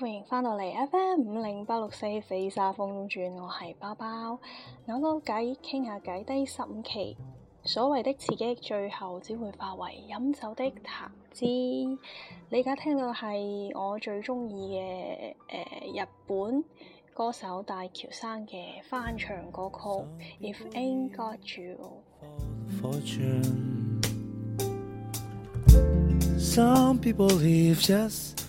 歡迎翻到嚟 FM 五零八六四《飛沙風轉》，我係包包，扭扭計，傾下偈，第十五期所謂的刺激，最後只會化為飲酒的談資。你而家聽到係我最中意嘅誒日本歌手大橋生嘅翻唱歌曲《Some people If Ain't Got You》。Some people live just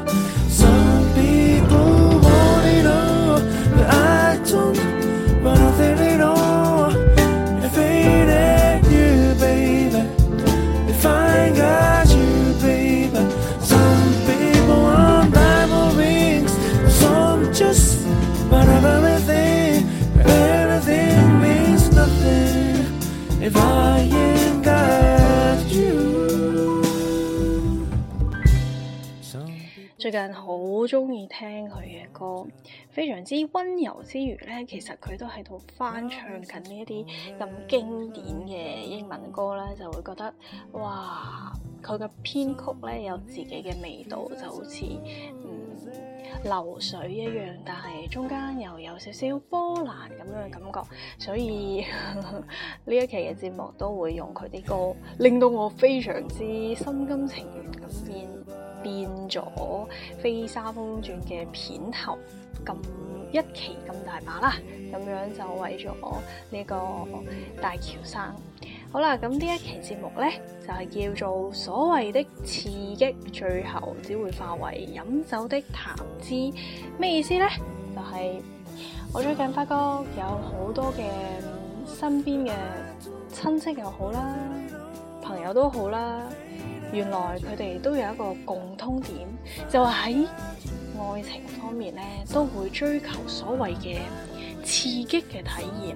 最近好中意聽佢嘅歌，非常之溫柔之餘咧，其實佢都喺度翻唱緊呢一啲咁經典嘅英文歌咧，就會覺得哇，佢嘅編曲咧有自己嘅味道，就好似嗯流水一樣，但係中間又有少少波瀾咁樣嘅感覺，所以呢 一期嘅節目都會用佢啲歌，令到我非常之心甘情願咁變。變咗《飛沙風轉》嘅片頭，咁一期咁大把啦，咁樣就為咗呢個大喬生。好啦，咁呢一期節目咧就係叫做《所謂的刺激》，最後只會化為飲酒的談資。咩意思咧？就係、是、我最近發覺有多好多嘅身邊嘅親戚又好啦，朋友都好啦。原來佢哋都有一個共通點，就係喺愛情方面咧，都會追求所謂嘅刺激嘅體驗，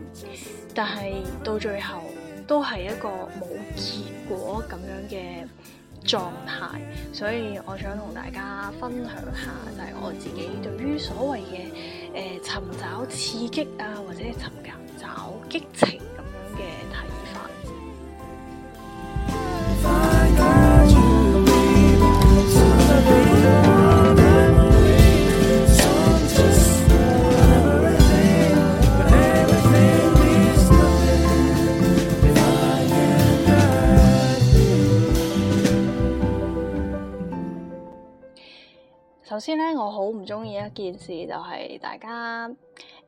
但係到最後都係一個冇結果咁樣嘅狀態。所以我想同大家分享下，就係我自己對於所謂嘅誒尋找刺激啊，或者尋找激情。首先咧，我好唔中意一件事，就係、是、大家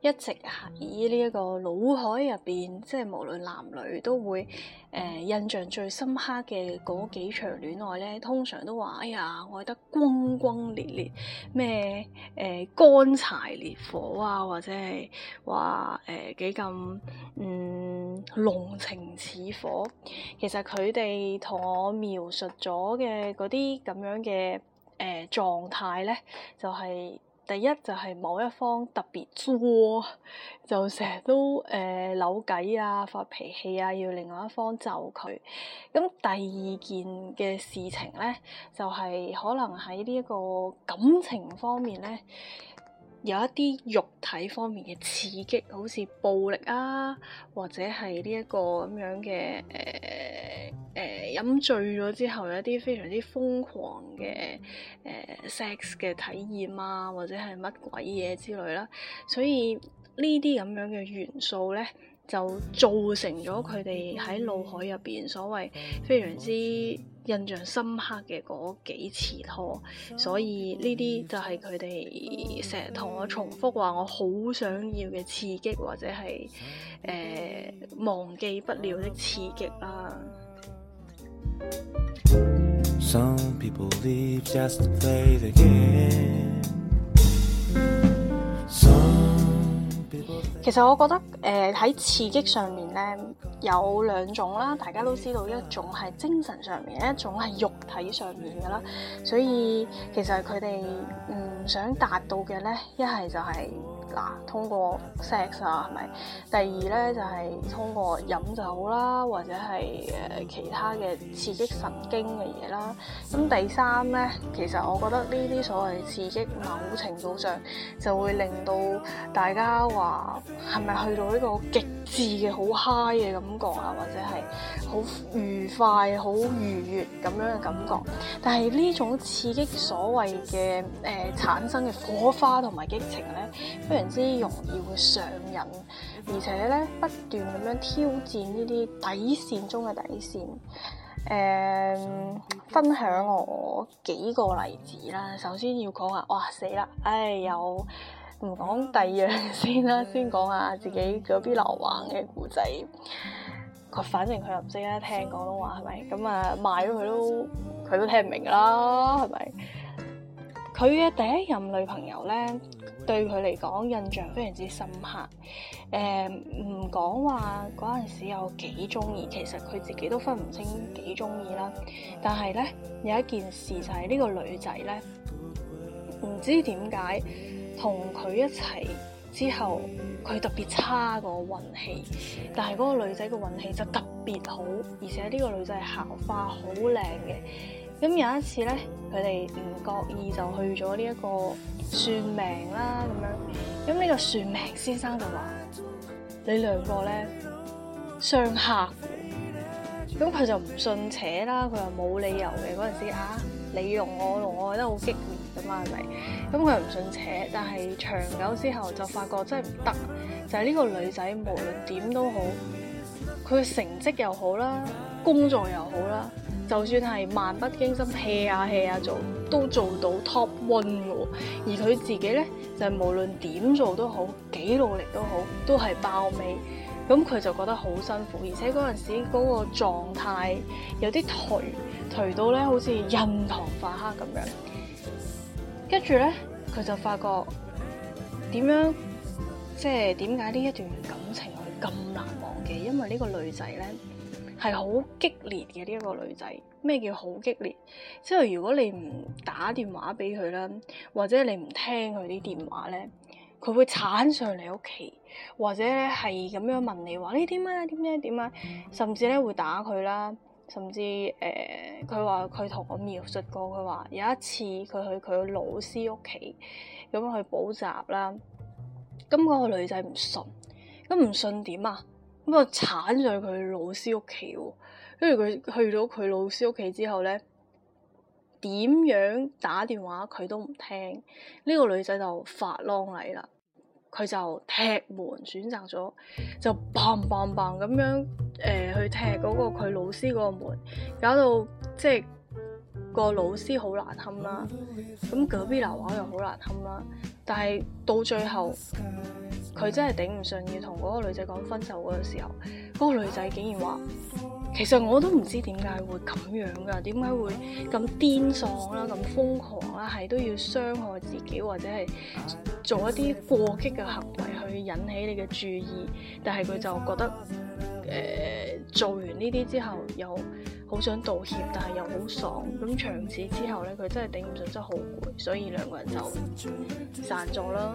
一直喺呢一個腦海入邊，即係無論男女都會誒、呃、印象最深刻嘅嗰幾場戀愛咧，通常都話哎呀愛得轟轟烈烈，咩誒、呃、乾柴烈火啊，或者係話誒幾咁嗯濃情似火。其實佢哋同我描述咗嘅嗰啲咁樣嘅。誒、呃、狀態咧，就係、是、第一就係、是、某一方特別作，就成日都誒、呃、扭計啊、發脾氣啊，要另外一方就佢。咁第二件嘅事情咧，就係、是、可能喺呢一個感情方面咧。有一啲肉體方面嘅刺激，好似暴力啊，或者係呢一個咁樣嘅誒誒飲醉咗之後有一啲非常之瘋狂嘅誒、呃、sex 嘅體驗啊，或者係乜鬼嘢之類啦，所以呢啲咁樣嘅元素咧。就造成咗佢哋喺腦海入邊所謂非常之印象深刻嘅嗰幾次拖，所以呢啲就係佢哋成日同我重複話我好想要嘅刺激，或者係誒、呃、忘記不了的刺激啦、啊。Some 其實我覺得，誒、呃、喺刺激上面咧有兩種啦，大家都知道一種係精神上面，一種係肉體上面嘅啦。所以其實佢哋唔想達到嘅咧，一係就係、是。嗱，通過 sex 啊，係咪？第二咧就係、是、通過飲酒啦，或者係誒其他嘅刺激神經嘅嘢啦。咁第三咧，其實我覺得呢啲所謂刺激，某程度上就會令到大家話係咪去到一個極致嘅好 high 嘅感覺啊，或者係好愉快、好愉悅咁樣嘅感覺。但係呢種刺激所謂嘅誒、呃、產生嘅火花同埋激情咧，非常之容易會上癮，而且咧不斷咁樣挑戰呢啲底線中嘅底線。誒、嗯，分享我幾個例子啦。首先要講下，哇死啦，唉有唔講第二樣先啦，先講下自己嗰邊流話嘅故仔。佢反正佢又唔識得聽廣東話，係咪？咁啊賣咗佢都佢都聽唔明啦，係咪？佢嘅第一任女朋友咧。對佢嚟講，印象非常之深刻。誒、嗯，唔講話嗰陣時有幾中意，其實佢自己都分唔清幾中意啦。但係咧有一件事就係呢個女仔咧，唔知點解同佢一齊之後，佢特別差個運氣，但係嗰個女仔嘅運氣就特別好，而且呢個女仔係校花，好靚嘅。咁有一次咧，佢哋唔覺意就去咗呢一個算命啦咁樣。咁、這、呢個算命先生就話：你兩個咧相剋。咁佢就唔信邪啦，佢又冇理由嘅嗰陣時啊，利用我咯，我覺得好激烈㗎嘛，係咪？咁佢又唔信邪，但係長久之後就發覺真係唔得。就係、是、呢個女仔無論點都好，佢嘅成績又好啦，工作又好啦。就算係漫不經心 hea 啊 hea 啊做，都做到 top one 喎。而佢自己咧，就係、無論點做都好，幾努力都好，都係爆尾。咁佢就覺得好辛苦，而且嗰陣時嗰個狀態有啲頹頹到咧，好似印堂發黑咁樣。跟住咧，佢就發覺點樣，即係點解呢一段感情係咁難忘嘅？因為呢個女仔咧。係好激烈嘅，呢一個女仔，咩叫好激烈？即係如果你唔打電話俾佢啦，或者你唔聽佢啲電話咧，佢會鏟上你屋企，或者係咁樣問你話：呢點啊？點咩點啊？甚至咧會打佢啦，甚至誒，佢話佢同我描述過，佢話有一次佢去佢老師屋企咁樣去補習啦，咁嗰個女仔唔信，咁唔信點啊？咁啊，鏟上佢老師屋企喎，跟住佢去到佢老師屋企之後咧，點樣打電話佢都唔聽，呢、這個女仔就發浪嚟啦，佢就踢門，選擇咗就棒棒棒 g 咁樣誒、呃、去踢嗰個佢老師嗰個門，搞到即係、就是這個老師好難堪啦，咁隔壁樓下又好難堪啦，但係到最後，佢真係頂唔順，要同嗰個女仔講分手嗰個時候，嗰、那個女仔竟然話：其實我都唔知點解會咁樣㗎，點解會咁癲喪啦、咁瘋狂啦、啊，係、啊、都要傷害自己或者係做一啲過激嘅行為去引起你嘅注意。但係佢就覺得誒、呃、做完呢啲之後，又好想道歉，但係又好爽。咁長此之後咧，佢真係頂唔順，真係好攰，所以兩個人就散咗啦。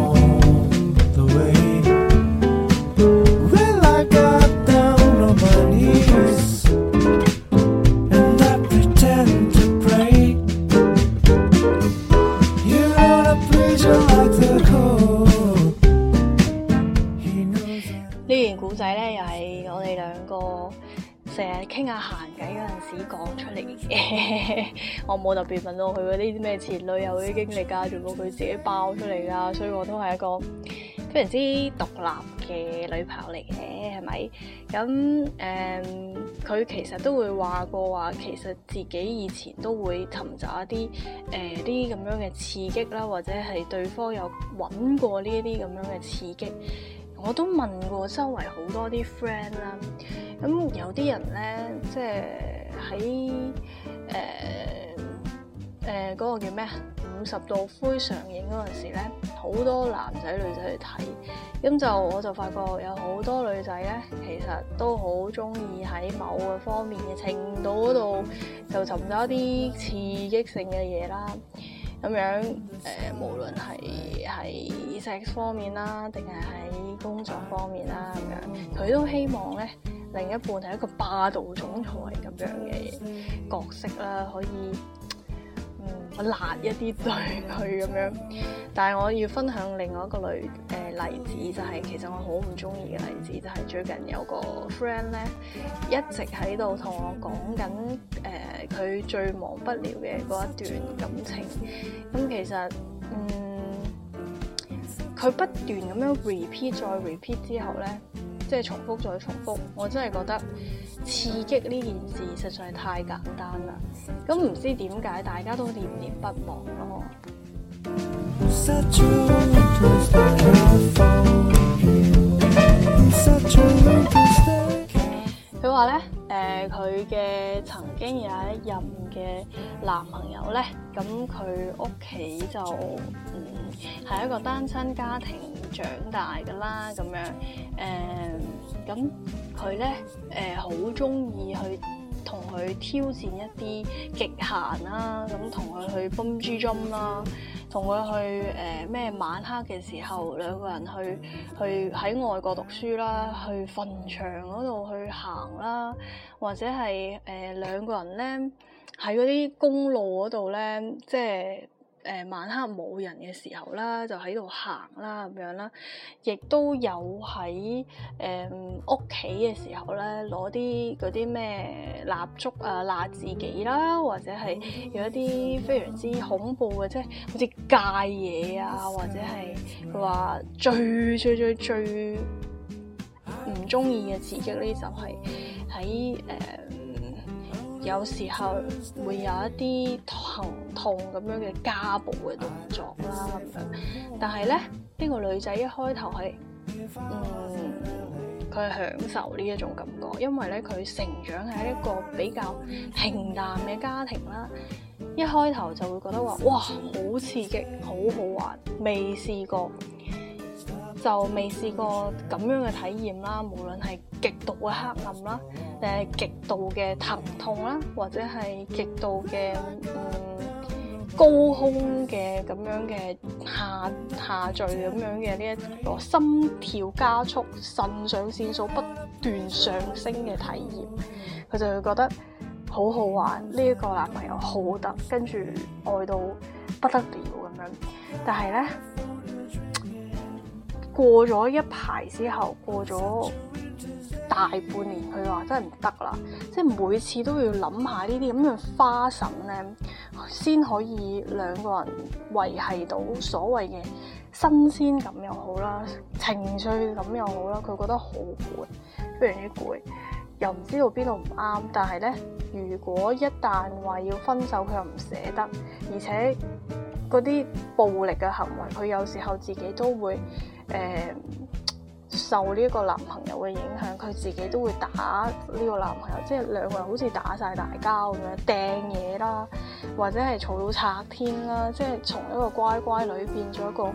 講出嚟嘅 我冇特別問到佢嗰啲咩前女友啲經歷啊，全部佢自己爆出嚟啊，所以我都係一個非常之獨立嘅女朋友嚟嘅，係咪？咁誒，佢、嗯、其實都會話過話，其實自己以前都會尋找一啲誒啲咁樣嘅刺激啦，或者係對方有揾過呢一啲咁樣嘅刺激。我都問過周圍好多啲 friend 啦，咁有啲人咧即係。喺誒誒嗰個叫咩啊？五十度灰上映嗰陣時咧，好多男仔女仔去睇，咁就我就發覺有好多女仔咧，其實都好中意喺某個方面嘅程度嗰度，就尋找一啲刺激性嘅嘢啦。咁樣誒、呃，無論係喺 sex 方面啦，定係喺工作方面啦咁樣，佢都希望咧。另一半係一個霸道總裁咁樣嘅角色啦，可以嗯我辣一啲對佢咁樣。但係我要分享另外一個、呃、例誒、就係、例子，就係其實我好唔中意嘅例子，就係最近有個 friend 咧，一直喺度同我講緊誒佢最忘不了嘅嗰一段感情。咁、嗯、其實嗯，佢不斷咁樣 repeat 再 repeat 之後咧。即係重複再重複，我真係覺得刺激呢件事實在太簡單啦！咁、嗯、唔知點解大家都念念不忘咯～嘅曾經有一任嘅男朋友咧，咁佢屋企就嗯係一個單親家庭長大㗎啦，咁樣誒，咁佢咧誒好中意去。佢挑戰一啲極限啦，咁同佢去笨豬 jump 啦，同佢去誒咩晚黑嘅時候兩個人去去喺外國讀書啦，去墳場嗰度去行啦，或者係誒、呃、兩個人咧喺嗰啲公路嗰度咧，即係。誒、呃、晚黑冇人嘅時候啦，就喺度行啦咁樣啦，亦都有喺誒屋企嘅時候咧，攞啲嗰啲咩蠟燭啊、蠟自己啦，或者係有一啲非常之恐怖嘅，即係好似戒嘢啊，或者係佢話最最最最唔中意嘅刺激咧，就係喺誒。有時候會有一啲疼痛咁樣嘅家暴嘅動作啦咁樣，但係呢，呢、呢個女仔一開頭係，嗯，佢係享受呢一種感覺，因為呢，佢成長喺一個比較平淡嘅家庭啦，一開頭就會覺得話哇好刺激，好好玩，未試過，就未試過咁樣嘅體驗啦，無論係。極度嘅黑暗啦，誒極度嘅疼痛啦，或者係極度嘅嗯高空嘅咁樣嘅下下墜咁樣嘅呢一個心跳加速、腎上腺素不斷上升嘅體驗，佢就會覺得好好玩，呢、這、一個男朋友好得，跟住愛到不得了咁樣。但係咧過咗一排之後，過咗。大半年佢話真係唔得啦，即係每次都要諗下呢啲咁嘅花神咧，先可以兩個人維繫到所謂嘅新鮮感又好啦，情緒感又好啦，佢覺得好攰，非常之攰，又唔知道邊度唔啱，但係咧，如果一旦話要分手，佢又唔捨得，而且嗰啲暴力嘅行為，佢有時候自己都會誒，呃受呢個男朋友嘅影響，佢自己都會打呢個男朋友，即係兩個人好似打晒大交咁樣掟嘢啦，或者係嘈到拆天啦，即係從一個乖乖女變咗一個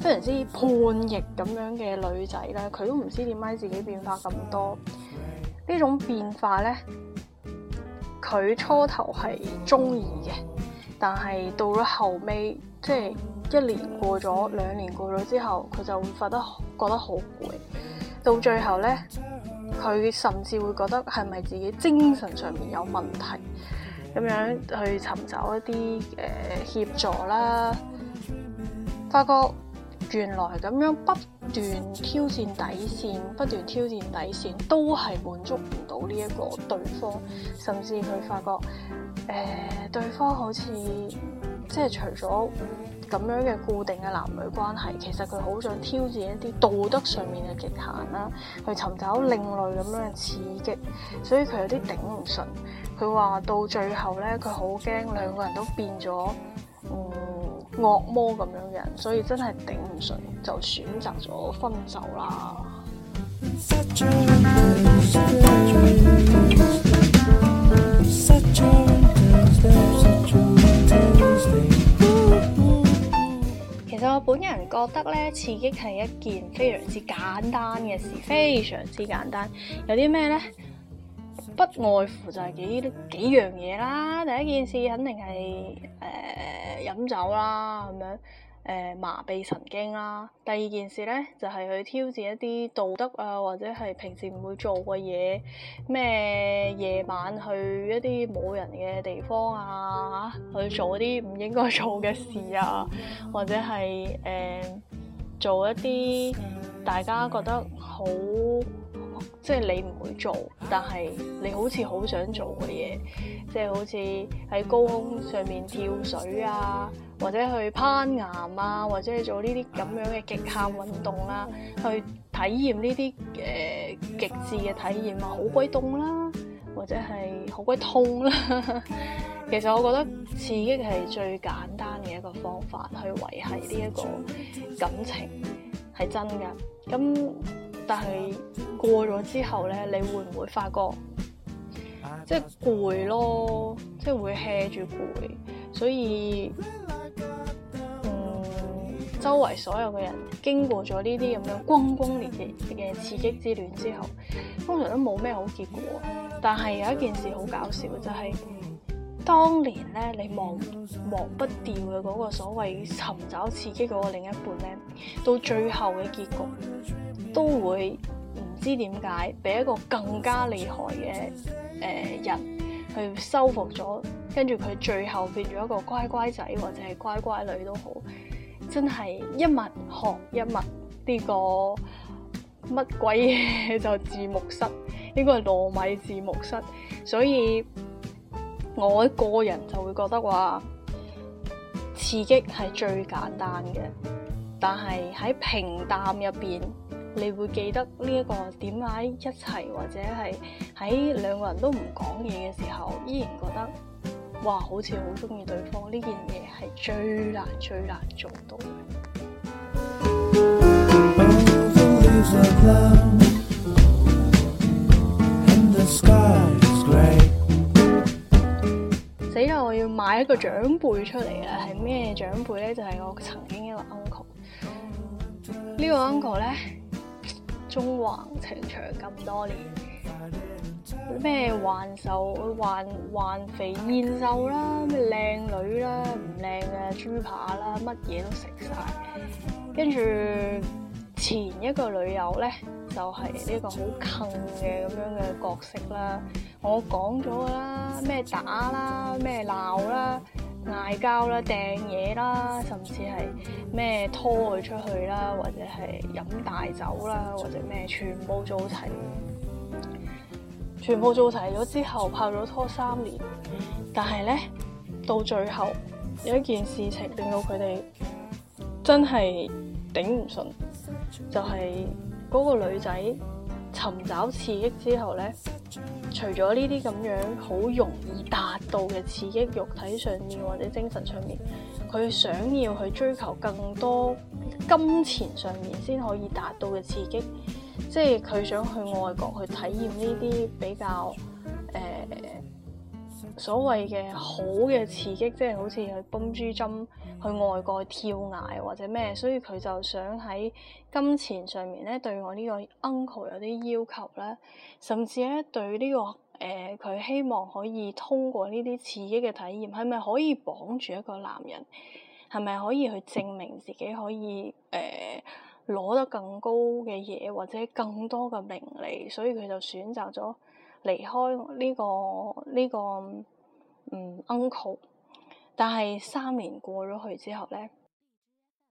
非常之叛逆咁樣嘅女仔咧，佢都唔知點解自己變化咁多。呢種變化呢，佢初頭係中意嘅，但係到咗後尾即係。一年過咗，兩年過咗之後，佢就會發得覺得好攰。到最後呢，佢甚至會覺得係咪自己精神上面有問題咁樣去尋找一啲誒協助啦？發覺原來咁樣不斷挑戰底線，不斷挑戰底線，都係滿足唔到呢一個對方，甚至佢發覺誒、呃、對方好似即係除咗。咁樣嘅固定嘅男女關係，其實佢好想挑戰一啲道德上面嘅極限啦，去尋找另類咁樣嘅刺激，所以佢有啲頂唔順。佢話到最後呢，佢好驚兩個人都變咗嗯惡魔咁樣嘅人，所以真係頂唔順，就選擇咗分手啦。 本人覺得咧，刺激係一件非常之簡單嘅事，非常之簡單。有啲咩咧？不外乎就係幾幾樣嘢啦。第一件事肯定係誒飲酒啦，咁樣。誒麻痹神經啦，第二件事咧就係去挑戰一啲道德啊，或者係平時唔會做嘅嘢，咩夜晚去一啲冇人嘅地方啊，去做啲唔應該做嘅事啊，或者係誒做一啲大家覺得好，即係你唔會做，但係你好似好想做嘅嘢，即係好似喺高空上面跳水啊～或者去攀岩啊，或者做呢啲咁樣嘅極限運動啦，去體驗呢啲誒極致嘅體驗啊，好鬼凍啦，或者係好鬼痛啦。 其實我覺得刺激係最簡單嘅一個方法去維係呢一個感情係真㗎。咁但係過咗之後咧，你會唔會發覺即係攰咯，即係會吃住攰，所以。周圍所有嘅人經過咗呢啲咁樣轟轟烈烈嘅刺激之戀之後，通常都冇咩好結果。但係有一件事好搞笑，就係、是、當年咧，你忘忘不掉嘅嗰個所謂尋找刺激嗰個另一半咧，到最後嘅結局都會唔知點解，俾一個更加厲害嘅誒、呃、人去收服咗，跟住佢最後變咗一個乖乖仔或者係乖乖女都好。真係一物學一物，呢個乜鬼嘢就字幕室，呢個係糯米字幕室，所以我個人就會覺得話刺激係最簡單嘅，但係喺平淡入邊，你會記得呢一個點解一齊，或者係喺兩個人都唔講嘢嘅時候，依然覺得。哇，好似好中意對方呢件嘢，係最難、最難做到。 死咯！我要買一個長輩出嚟啦，係咩長輩咧？就係、是、我曾經一個 uncle。 個 un 呢個 uncle 咧，縱橫情場咁多年。.咩環瘦，環環肥，燕瘦啦，咩靚女啦，唔靚嘅豬扒啦，乜嘢都食晒。跟住前一個女友咧，就係、是、呢個好近嘅咁樣嘅角色啦。我講咗噶啦，咩打啦，咩鬧啦，嗌交啦，掟嘢啦，啦，甚至係咩拖佢出去啦，或者係飲大酒啦，或者咩，全部做齊。全部做齊咗之後，拍咗拖三年，但係咧，到最後有一件事情令到佢哋真係頂唔順，就係嗰個女仔尋找刺激之後咧，除咗呢啲咁樣好容易達到嘅刺激，肉體上面或者精神上面，佢想要去追求更多金錢上面先可以達到嘅刺激。即係佢想去外國去體驗呢啲比較誒、呃、所謂嘅好嘅刺激，即係好似去笨豬跳、去外國跳崖或者咩，所以佢就想喺金錢上面咧對我呢個 uncle 有啲要求啦，甚至咧對呢、這個誒佢、呃、希望可以通過呢啲刺激嘅體驗，係咪可以綁住一個男人？係咪可以去證明自己可以誒？呃攞得更高嘅嘢或者更多嘅名利，所以佢就選擇咗離開呢個呢個嗯 uncle。但係三年過咗去之後咧，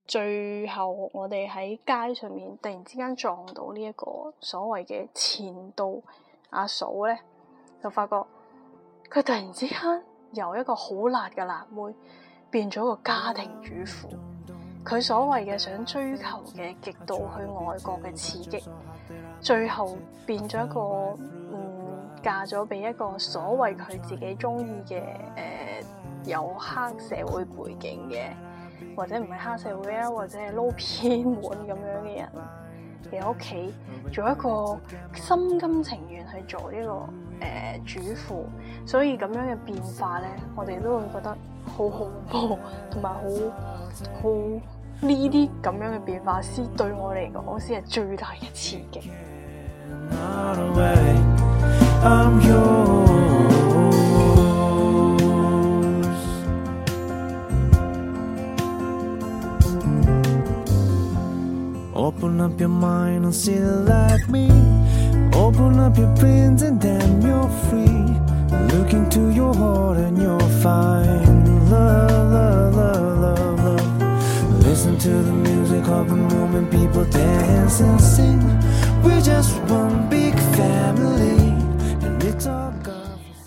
最後我哋喺街上面突然之間撞到呢一個所謂嘅前度阿嫂咧，就發覺佢突然之間由一個好辣嘅辣妹變咗個家庭主婦。佢所謂嘅想追求嘅極度去外國嘅刺激，最後變咗一個嗯嫁咗俾一個所謂佢自己中意嘅誒有黑社會背景嘅，或者唔係黑社會啊，或者係撈偏門咁樣嘅人嘅屋企，做一個心甘情願去做呢、這個誒、呃、主婦，所以咁樣嘅變化咧，我哋都會覺得好恐怖，同埋好好。呢啲咁樣嘅變化師對我嚟講，我先係最大嘅刺激。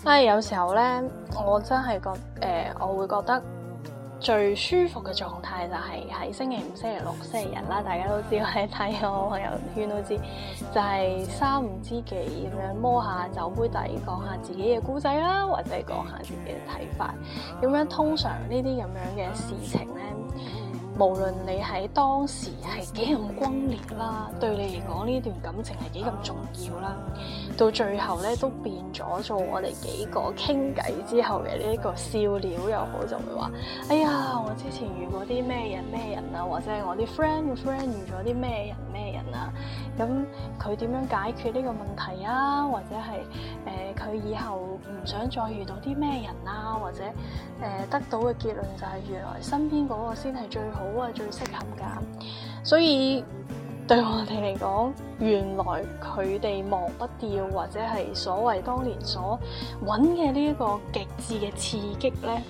唉，Hi，有時候咧，我真係覺誒、呃，我會覺得最舒服嘅狀態就係、是、喺星期五、星期六、星期日啦。大家都知道我我，喺睇我朋友圈都知，就係、是、三五知己咁樣摸下酒杯底，講下自己嘅故仔啦，或者講下自己嘅睇法。咁樣通常呢啲咁樣嘅事情咧。無論你喺當時係幾咁轟烈啦，對你嚟講呢段感情係幾咁重要啦，到最後咧都變咗做我哋幾個傾偈之後嘅呢一個笑料又好，就會話：哎呀，我之前遇過啲咩人咩人啊，或者我啲 friend 嘅 friend 遇咗啲咩人咩人啊。咁佢點樣解決呢個問題啊？或者係誒佢以後唔想再遇到啲咩人啊？或者誒、呃、得到嘅結論就係原來身邊嗰個先係最好啊，最適合噶。所以對我哋嚟講，原來佢哋忘不掉或者係所謂當年所揾嘅呢一個極致嘅刺激咧，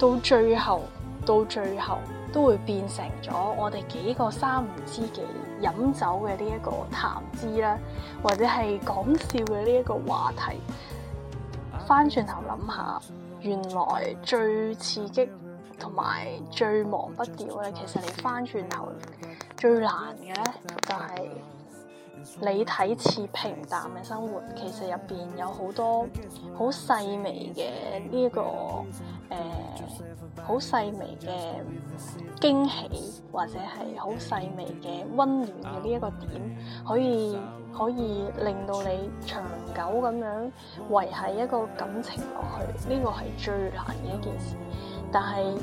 到最後到最後都會變成咗我哋幾個三五知己，飲酒嘅呢一個談資啦，或者係講笑嘅呢一個話題，翻轉頭諗下，原來最刺激同埋最忘不掉嘅，其實你翻轉頭最難嘅咧，就係，就係。你睇似平淡嘅生活，其實入邊有好多好細微嘅呢一個誒，好、呃、細微嘅驚喜，或者係好細微嘅溫暖嘅呢一個點，可以可以令到你長久咁樣維繫一個感情落去。呢、呢個係最難嘅一件事，但係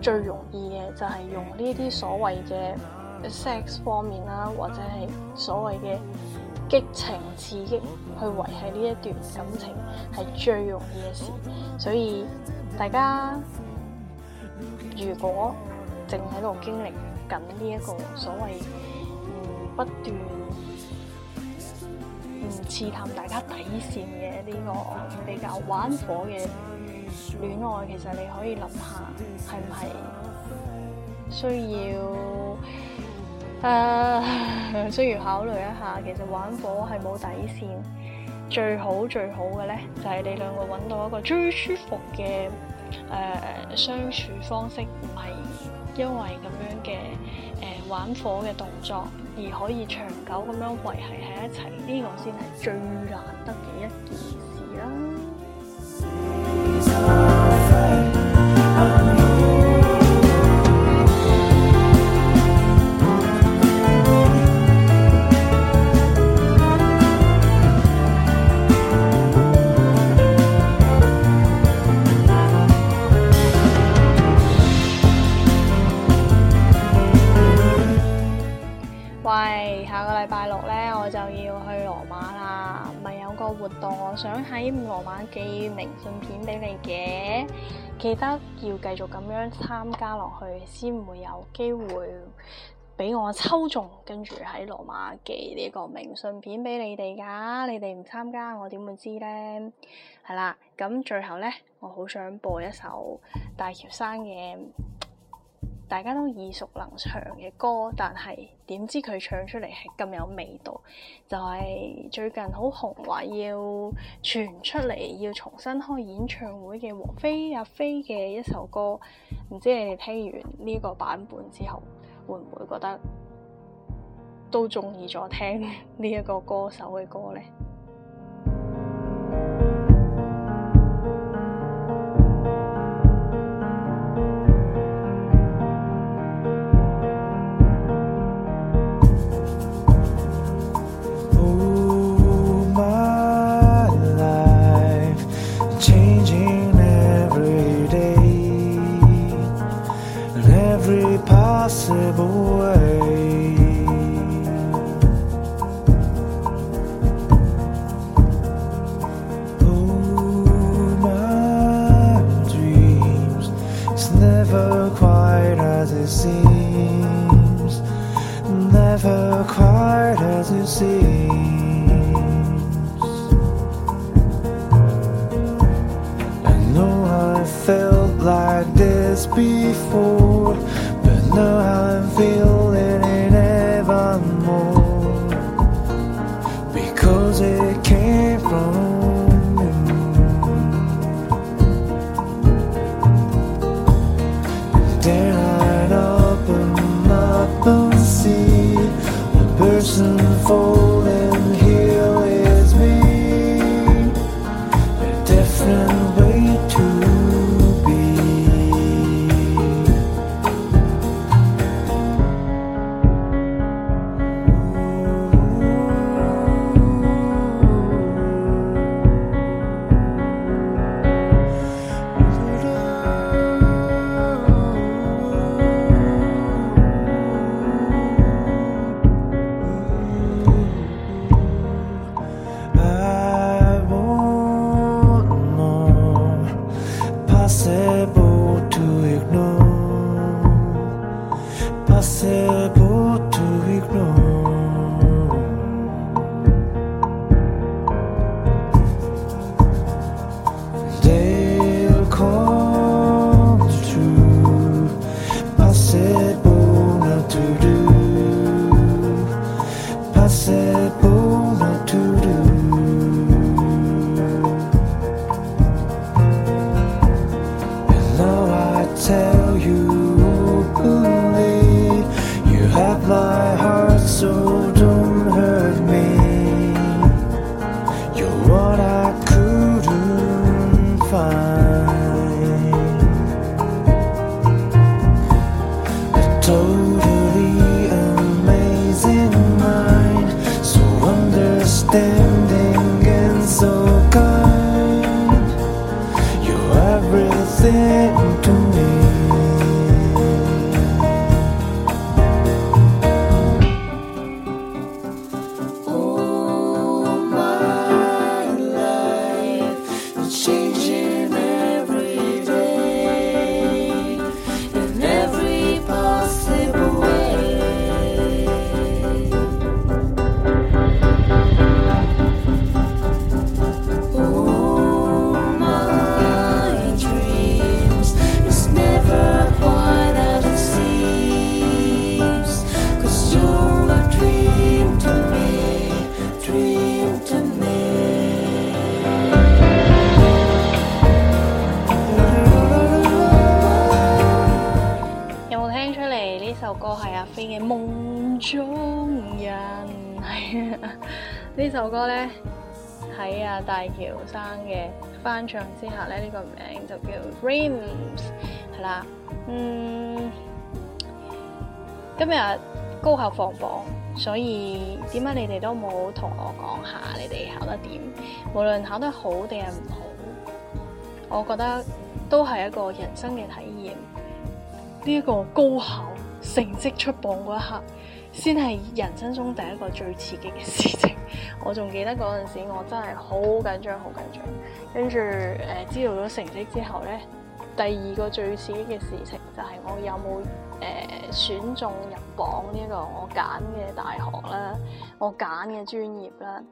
最容易嘅就係用呢啲所謂嘅。sex 方面啦，或者係所謂嘅激情刺激，去維繫呢一段感情係最容易嘅事。所以大家如果正喺度經歷緊呢一個所謂唔、嗯、不斷唔刺探大家底線嘅呢、這個比較玩火嘅戀愛，其實你可以諗下係唔係需要？誒，需要、uh, 考慮一下。其實玩火係冇底線，最好最好嘅咧，就係、是、你兩個揾到一個最舒服嘅、誒、uh, 相處方式，唔係因為咁樣嘅、誒、uh, 玩火嘅動作，而可以長久咁樣維繫喺一齊，呢、這個先係最難得嘅一件事啦。寄明信片俾你嘅，記得要繼續咁樣參加落去，先會有機會俾我抽中，跟住喺羅馬寄呢個明信片俾你哋噶。你哋唔參加，我點會知呢？係啦，咁最後呢，我好想播一首大喬山嘅。大家都耳熟能詳嘅歌，但係點知佢唱出嚟，係咁有味道？就係、是、最近好紅，話要傳出嚟，要重新開演唱會嘅王菲阿菲嘅一首歌，唔知你聽完呢個版本之後，會唔會覺得都中意咗聽呢一個歌手嘅歌咧？呢首歌咧，喺阿大喬生嘅翻唱之下咧，呢個名就叫 Dreams 係啦。嗯，今日高考放榜，所以點解你哋都冇同我講下你哋考得點？無論考得好定係唔好，我覺得都係一個人生嘅體驗。呢個高考成績出榜嗰一刻，先係人生中第一個最刺激嘅事情， 我仲記得嗰陣時，我真係好緊張，好緊張。跟住，誒、呃，知道咗成績之後呢，第二個最刺激嘅事情就係我有冇誒、呃、選中入榜呢個我揀嘅大學啦，我揀嘅專業啦。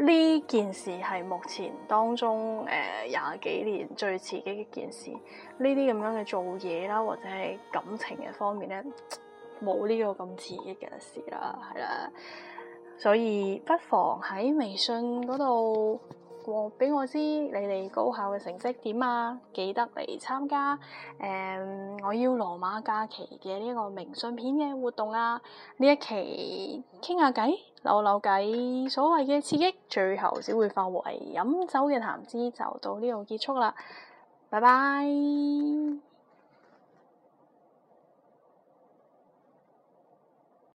呢件事係目前當中誒廿幾年最刺激嘅件事。呢啲咁樣嘅做嘢啦，或者係感情嘅方面呢。冇呢個咁刺激嘅事啦，係啦，所以不妨喺微信嗰度話俾我知你哋高考嘅成績點啊！記得嚟參加誒、嗯，我要羅馬假期嘅呢個明信片嘅活動啊！呢一期傾下偈，扭扭計，所謂嘅刺激，最後只會化為飲酒嘅談資，就到呢度結束啦！拜拜。